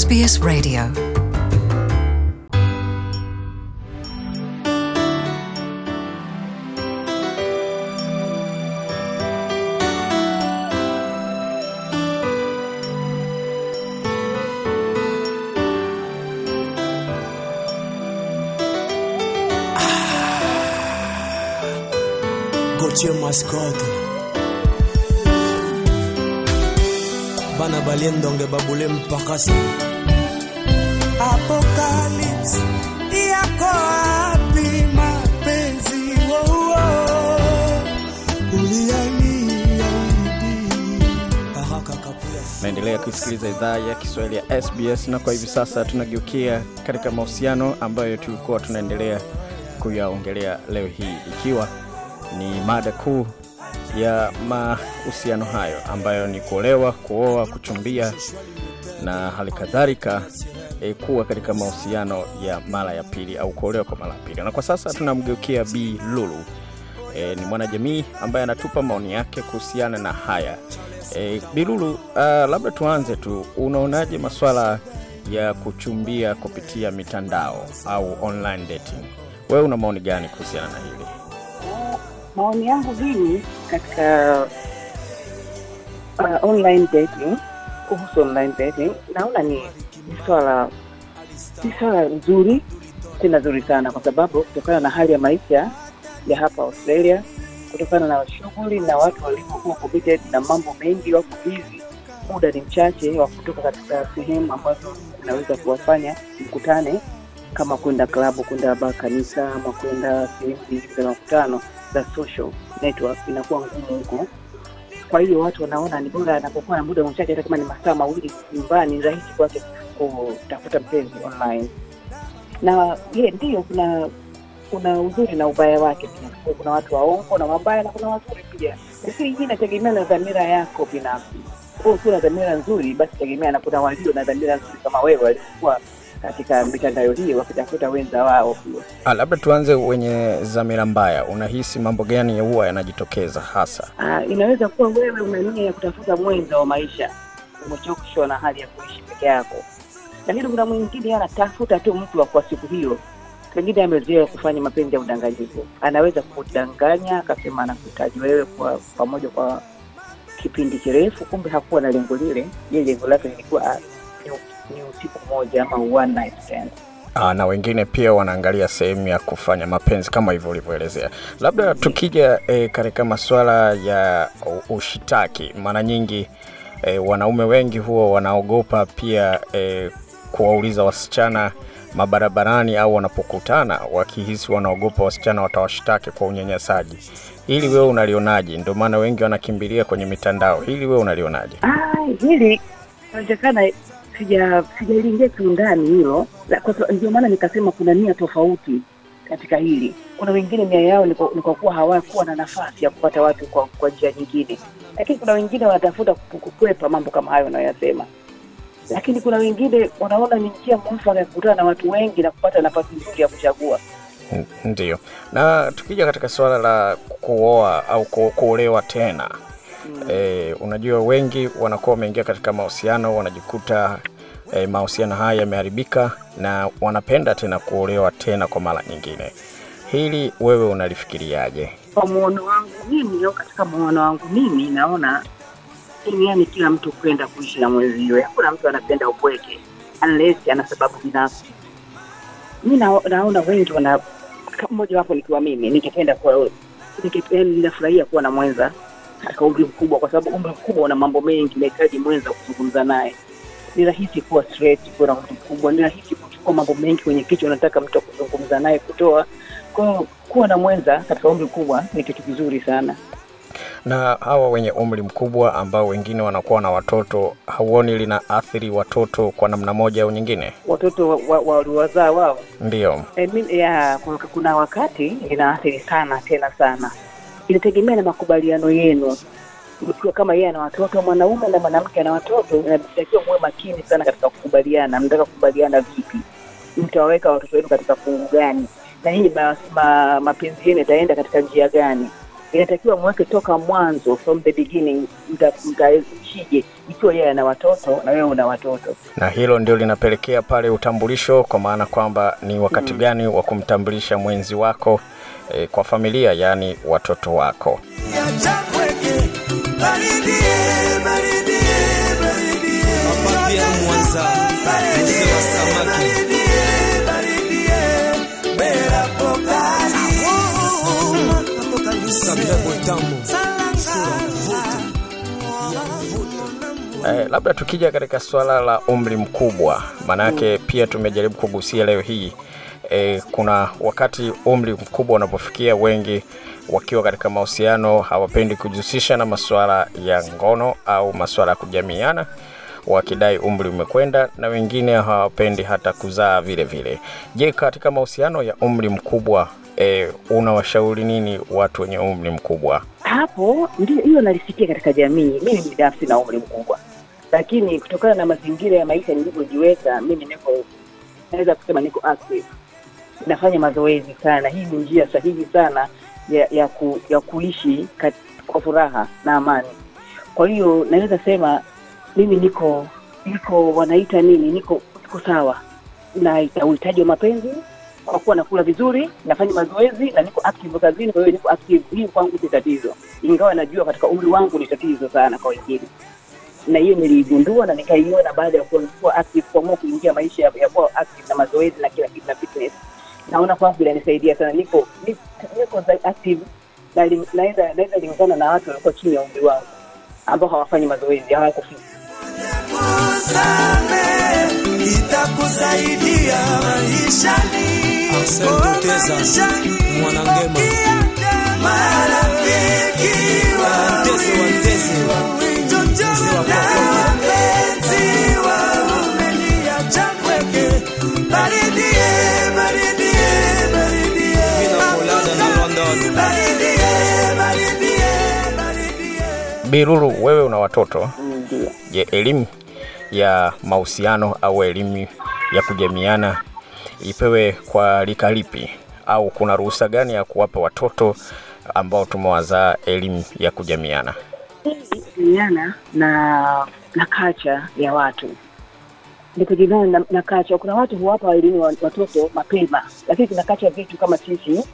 SBS Radio Got your mascot. bana baliendonge babule mpakasa apokalipsi yako wapi mapenzi wouo naendelea kusikiliza idhaa ya Kiswahili ya SBS na kwa hivi sasa tunageukia katika mahusiano ambayo tulikuwa tunaendelea kuyaongelea leo hii, ikiwa ni mada kuu ya mahusiano hayo ambayo ni kuolewa, kuoa, kuchumbia na hali kadhalika e, kuwa katika mahusiano ya mara ya pili au kuolewa kwa mara ya pili. Na kwa sasa tunamgeukia Bi Lulu. E, ni mwanajamii ambaye anatupa maoni yake kuhusiana na haya. E, Bi Lulu, uh, labda tuanze tu, unaonaje masuala ya kuchumbia kupitia mitandao au online dating? Wewe una maoni gani kuhusiana na hili? maoni yangu mimi katika uh, online dating kuhusu online dating naona ni swala ni swala nzuri tena zuri sana kwa sababu kutokana na hali ya maisha ya hapa australia kutokana na shughuli na watu walivyokuwa committed na mambo mengi wako bizi muda ni mchache wa kutoka katika sehemu ambazo unaweza kuwafanya mkutane kama kwenda klabu, kwenda labda kanisa, ama kwenda sehemu za makutano za social network, inakuwa ngumu huko. Kwa hiyo watu wanaona ni bora anapokuwa na muda mchache, hata kama ni masaa mawili nyumbani, rahisi kwake kutafuta mpenzi online. Na ye ndio, kuna kuna uzuri na ubaya wake pia. Kuna watu waongo na wabaya na kuna wazuri pia, lakini hii inategemea na dhamira yako binafsi. Ukiwa na dhamira nzuri, basi tegemea na kuna walio na dhamira nzuri kama wewe walikuwa katika mitandao hii wakitafuta wenza wao. pia. Ah, labda tuanze wenye dhamira mbaya, unahisi mambo gani huwa yanajitokeza hasa? Aa, ah, inaweza kuwa wewe una nia ya kutafuta mwenza wa maisha, umechoshwa na hali ya kuishi peke yako, lakini kuna mwingine anatafuta tu mtu wa kwa siku hiyo pengine amezoea kufanya mapenzi ya udanganyifu. Anaweza kudanganya akasema anakuhitaji wewe kwa pamoja kwa kipindi kirefu, kumbe hakuwa na lengo lile. Yeye lengo lake lilikuwa ni ni usiku mmoja ama one night stand. Aa, ah, na wengine pia wanaangalia sehemu ya kufanya mapenzi kama hivyo ulivyoelezea. Labda mm-hmm. tukija e, katika masuala ya ushitaki, mara nyingi e, wanaume wengi huwa wanaogopa pia e, kuwauliza wasichana mabarabarani au wanapokutana, wakihisi wanaogopa wasichana watawashitaki kwa unyanyasaji. Hili wewe unalionaje? Ndio maana wengi wanakimbilia kwenye mitandao. Hili wewe unalionaje? Ah, hili inawezekana sijaliingia kiundani hilo, ndio maana nikasema kuna nia tofauti katika hili. Kuna wengine nia yao ni kwa kuwa hawakuwa na nafasi ya kupata watu kwa, kwa njia nyingine, lakini kuna wengine wanatafuta kukwepa mambo kama hayo unayoyasema, lakini kuna wengine wanaona ni njia mwafaka ya kukutana na watu wengi na kupata nafasi nzuri ya kuchagua. Ndiyo, na tukija katika suala la kuoa au kuolewa tena Mm. Eh, unajua wengi wanakuwa wameingia katika mahusiano wanajikuta eh, mahusiano haya yameharibika na wanapenda tena kuolewa tena kwa mara nyingine. Hili wewe unalifikiriaje? Kwa muono wangu mimi au katika muono wangu mimi naona duniani kila mtu kwenda kuishi na mwenziwe, hakuna mtu anapenda upweke unless ana sababu binafsi. Mimi na, naona wengi wana mmoja wapo nikiwa mimi nikipenda kuwa nikipenda nafurahia kuwa na mwenza katika umri mkubwa, kwa sababu umri mkubwa una mambo mengi, nahitaji mwenza kuzungumza naye. Ni rahisi kuwa straight mtu mkubwa, ni rahisi kuchukua mambo mengi kwenye kichwa, unataka mtu akuzungumza naye kutoa. Kwa hiyo kuwa na mwenza katika umri mkubwa ni kitu kizuri sana na hawa wenye umri mkubwa ambao wengine wanakuwa na watoto, hauoni lina athiri watoto kwa namna moja au nyingine? Watoto waliwazaa wa, wa, wao ndio e, eh, min, ya, kuna wakati linaathiri sana tena sana inategemea na makubaliano yenu mkiwa kama yeye ana watoto mwanaume na mwanamke ana watoto inatakiwa muwe makini sana katika kukubaliana mtaka kukubaliana vipi mtawaweka watoto wenu katika fungu gani na hii ma, ma, mapenzi yenu yataenda katika njia gani inatakiwa mweke toka mwanzo from the beginning mtaishije ikiwa yeye ana watoto na wewe una watoto na hilo ndio linapelekea pale utambulisho kwa maana kwamba ni wakati mm. gani wa kumtambulisha mwenzi wako e, kwa familia yaani watoto wako. Eh, labda tukija katika swala la umri mkubwa, maanake pia tumejaribu kugusia leo hii e, kuna wakati umri mkubwa unapofikia, wengi wakiwa katika mahusiano hawapendi kujihusisha na masuala ya ngono au masuala ya kujamiana wakidai umri umekwenda na wengine hawapendi hata kuzaa vile vile. Je, katika mahusiano ya umri mkubwa e, unawashauri nini watu wenye umri mkubwa? Hapo ndio hiyo nalisikia katika jamii. Mimi binafsi na umri mkubwa, lakini kutokana na mazingira ya maisha nilivyojiweka mimi niko, naweza kusema niko active nafanya mazoezi sana. Hii ni njia sahihi sana ya ya, ku, ya kuishi kat, kwa furaha na amani. Kwa hiyo naweza sema mimi niko niko wanaita nini, niko niko sawa na uhitaji wa mapenzi kwa kuwa nakula vizuri, nafanya mazoezi na niko active kazini. Kwa hiyo niko active, hii kwangu si tatizo, ingawa najua katika umri wangu ni tatizo sana kwa wengine, na hiyo niliigundua na nikaiona baada ya kuwa active, kuamua kuingia maisha ya kuwa active na mazoezi na kila kitu na fitness naona kwangu inanisaidia sana, niko niko active na naenda naenda lingana na watu walikuwa chini ya umri wangu ambao hawafanyi mazoezi, hawakufika itakusaidia maishani mwanangema marafiki wa Biruru, wewe una watoto. Ndiyo. Je, elimu ya mahusiano au elimu ya kujamiana ipewe kwa lika lipi au kuna ruhusa gani ya kuwapa watoto ambao tumewazaa elimu ya kujamiana? Kujamiana na na kacha ya watu ni kujamiana na, na kacha. Kuna watu huwapa elimu watoto mapema, lakini kuna kacha vitu kama sisi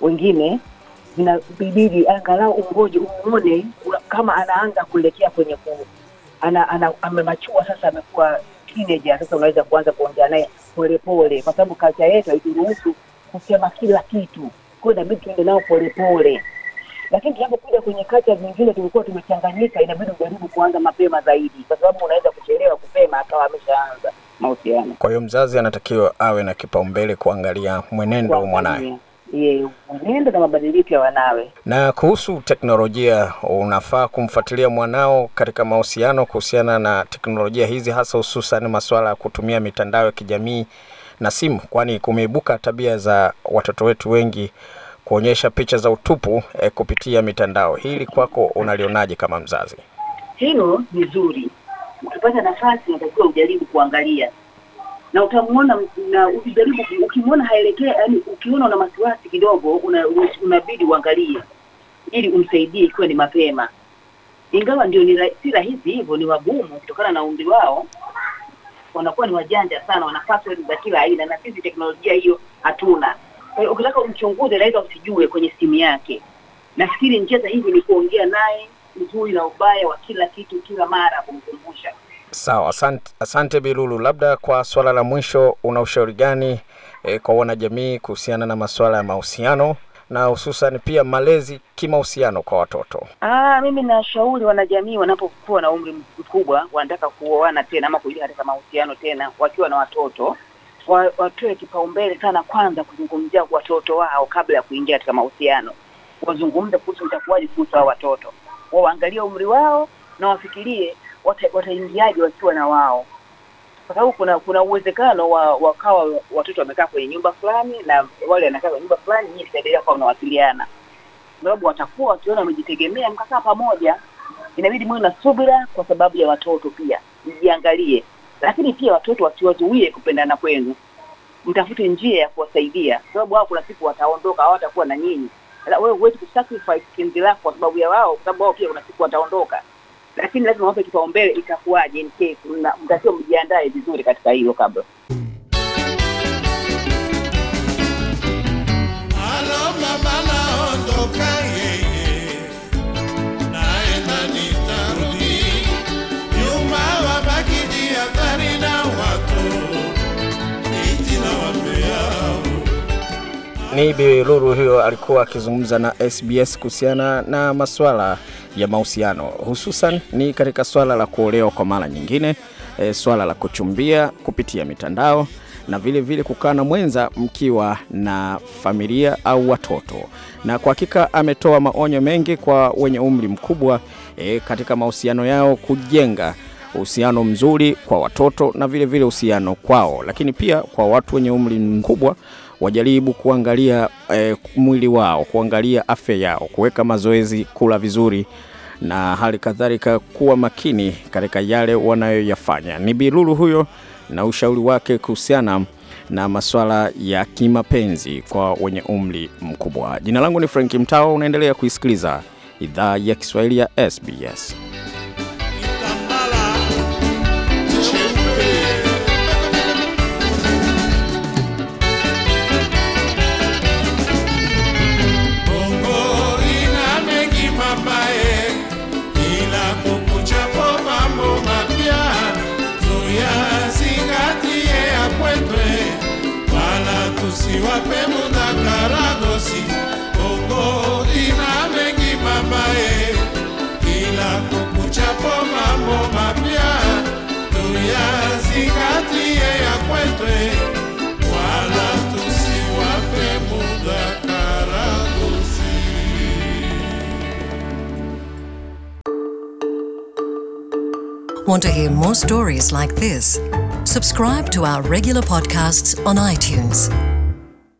wengine inabidi angalau ungoje umuone kama anaanza kuelekea kwenye ku, ana, ana, amemachua sasa, amekuwa teenager sasa, unaweza kuanza kuongea naye polepole, kwa sababu kalcha yetu haituruhusu kusema kila kitu, kwa inabidi tuende nao polepole. Lakini tunapokuja kwenye kacha zingine, tulikuwa tumechanganyika, inabidi ujaribu kuanza mapema zaidi, kwa sababu unaweza kuchelewa kupema akawa ameshaanza mahusiano. Kwa hiyo mzazi anatakiwa awe na kipaumbele kuangalia mwenendo mwanaye ye mwenendo na mabadiliko ya wanawe. Na kuhusu teknolojia, unafaa kumfuatilia mwanao katika mahusiano kuhusiana na teknolojia hizi, hasa hususan masuala ya kutumia mitandao ya kijamii na simu, kwani kumeibuka tabia za watoto wetu wengi kuonyesha picha za utupu eh, kupitia mitandao. Hili kwako unalionaje kama mzazi? Hilo ni zuri, ukipata nafasi unatakiwa ujaribu kuangalia na utamuona na ukijaribu ukimwona haelekea, yani ukiona una wasiwasi kidogo, unabidi una uangalie ili umsaidie ikiwa ni mapema, ingawa ndio ni si rahisi hivyo, ni wagumu kutokana na umri wao, wanakuwa ni wajanja sana, wana password za kila aina, na sisi teknolojia hiyo hatuna. Kwa hiyo ukitaka umchunguze, lazima usijue kwenye simu yake. Nafikiri njia sahihi ni kuongea naye uzuri na ubaya wa kila kitu kila mara, kumkumbusha Sawa, asante, asante Bilulu. Labda kwa swala la mwisho, una ushauri gani e, kwa wanajamii kuhusiana na masuala ya mahusiano na hususan pia malezi kimahusiano kwa watoto? Aa, ah, mimi nashauri wanajamii wanapokuwa na umri mkubwa wanataka kuoana tena ama kuingia katika mahusiano tena wakiwa na watoto wa, watoe kipaumbele sana kwanza kuzungumzia watoto wao kabla ya kuingia katika mahusiano, wazungumze kuhusu utakuwaje kuhusu hao watoto, waangalie umri wao na wafikirie wataingiaje wakiwa na wao kwa sababu kuna kuna uwezekano wa wakawa watoto wamekaa kwenye nyumba fulani na wale wanakaa kwenye nyumba fulani nyinyi tutaendelea kuwa mnawasiliana sababu watakuwa wakiona wamejitegemea mkakaa pamoja inabidi mwe na subira kwa sababu ya watoto pia mjiangalie lakini pia watoto wasiwazuie kupendana kwenu mtafute njia ya kuwasaidia sababu wao kuna siku wataondoka hawatakuwa na nyinyi wewe huwezi kusacrifice lako kwa sababu ya wao kwa sababu wao pia kuna siku wataondoka lakini lazima wape kipaumbele itakuwaje, in mtakiwa mjiandae vizuri katika hilo kabla Ni Bi Lulu huyo alikuwa akizungumza na SBS kuhusiana na masuala ya mahusiano, hususan ni katika swala la kuolewa kwa mara nyingine, e, swala la kuchumbia kupitia mitandao na vile vile kukaa na mwenza mkiwa na familia au watoto. Na kwa hakika ametoa maonyo mengi kwa wenye umri mkubwa e, katika mahusiano yao kujenga uhusiano mzuri kwa watoto na vile vile uhusiano kwao, lakini pia kwa watu wenye umri mkubwa wajaribu kuangalia e, mwili wao, kuangalia afya yao, kuweka mazoezi, kula vizuri na hali kadhalika kuwa makini katika yale wanayoyafanya. Ni Bilulu huyo na ushauri wake kuhusiana na masuala ya kimapenzi kwa wenye umri mkubwa. Jina langu ni Frank Mtao, unaendelea kuisikiliza idhaa ya Kiswahili ya SBS. Want to hear more stories like this? Subscribe to our regular podcasts on iTunes.